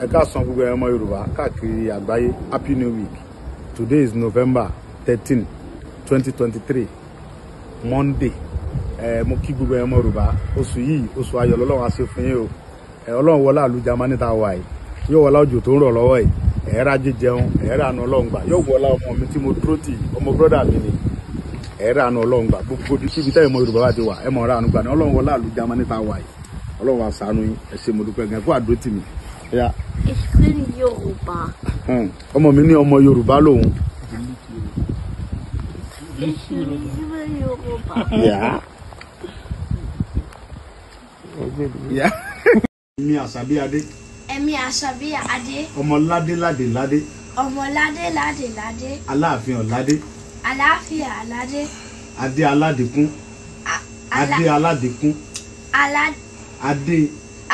ẹ káàsán gbogbo ẹ̀yàn ọmọ yorùbá káàkiri àgbáyé happy new week today is november thirteen twenty twenty three monday ẹ mo kí gbogbo ẹ̀yàn ọmọ yorùbá oṣù yìí oṣù ayọ̀ lọ́lọ́run á ṣe fún yín o ẹ ọlọ́run wọlé àlù jamani tá a wà yìí yóò wọlé òjò tó ń rọ̀ lọ́wọ́ yìí ẹ ra jíjẹun ẹ ra àna ọlọ́run gbà yóò wọlé ọmọ mi tí mo dúró tì ọmọ bọ́dà mi ni ẹ ra àna ọlọ́run gbà gbogbo ibi tẹ́yìn ọmọ yorùbá wa ti wà ẹ mọ̀ ra àna gbà ni ọlọ́run wọlé àlù jamani tá wà yìí ọlọ́run àṣàánú yín ẹ ṣé mo dúpẹ́ gan kó àdó tì mí Ich bin Yoruba. Hmm. Ọmọ mi ní ọmọ Yorùbá lòun. Ich liebe Yoruba. Ja. Ja. Èmi Àṣàbí Adé. Èmi Àṣàbí Adé. Ọmọ Ládé Ládé Ládé. Ọmọ Ládé Ládé Ládé. Aláàfin Ọ̀ládé. Aláàfin Ọ̀ládé. Adé Aládìkún. Adé Aládìkún. Alá. Adé.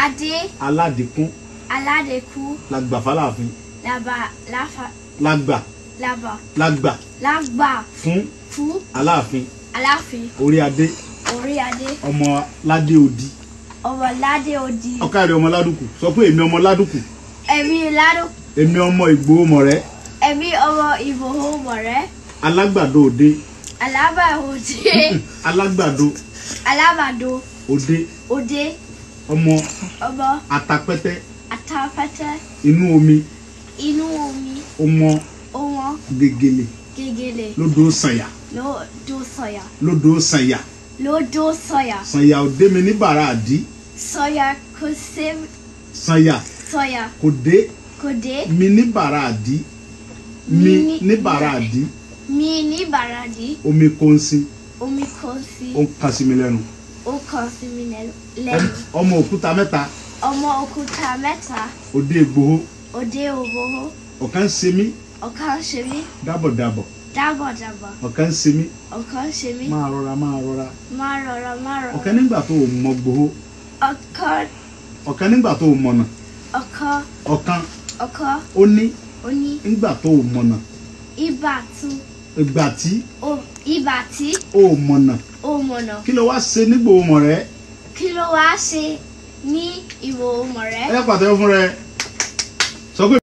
Adé. Aládìkún aládekú. làgbà fàlàfin. làbà láfa. làgbà. làbà. làgbà. làgbà. fún. fún. aláàfin. aláàfin. orí adé. orí adé. ọmọ ládé odi. ọmọ ládé odi. ọkàrí ọmọ ládùkù sọ pé èmi ọmọ ládùkù. èmi ládùkù. èmi ọmọ ìgbòho mọ̀rẹ́. èmi ọmọ ìgbòho mọ̀rẹ́. alágbàdo òde. alágbàdo òde. alágbàdo. alágbàdo. òde. òde. ọmọ. ọmọ. atapẹ́tẹ́. Atapẹtẹ. Inú omi. Inú omi. Ọmọ. Ọmọ. Gègèlè. Gègèlè. lodo sànyà. lodo sànyà. Lódò sànyà. Lódò sànyà. Sànyà ò dé mi ní bàrà àdí. Sànyà kò sé. Sànyà. Sànyà. Kò dé. Kò dé. Mi ní bàrà àdí. Mi ní bàrà àdí. Mi ní bàrà àdí. Omi kò ń sin. Omi kò ń sin. Ó ń mi lẹ́nu. Ó kà mi lẹ́nu. Ọmọ òkúta mẹ́ta. Ọmọ òkúta mẹ́ta. Òde Ìgbòho. Òde Ìgbòho. Ọ̀kan ṣe mí. Ọ̀kan ṣe mí. Dábọ̀dábọ̀. Dábọ̀dábọ̀. Ọ̀kan ṣe mí. Ọ̀kan ṣe mí. Máa rọra máa rọra. Máa rọra máa rọra. Ọ̀kan nígbà tó o mọ Gbòho. Ọ̀kan. Ọ̀kan nígbà tó o mọ̀nà. Ọ̀kan. Ọ̀kan. Ọ̀kan. Ó ní. Ó ní. Nígbà tó o mọ̀nà. Ìgbà tó. Ìgbà tí. Ìgbà tí. O mọ̀nà. O mọ̀nà. Kí ló wá ṣe nígbà òmò rẹ̀? Kí ló wá ṣe ní ìwọ̀ oòrùn rẹ̀. ẹ pàtẹ́wọ́ fún rẹ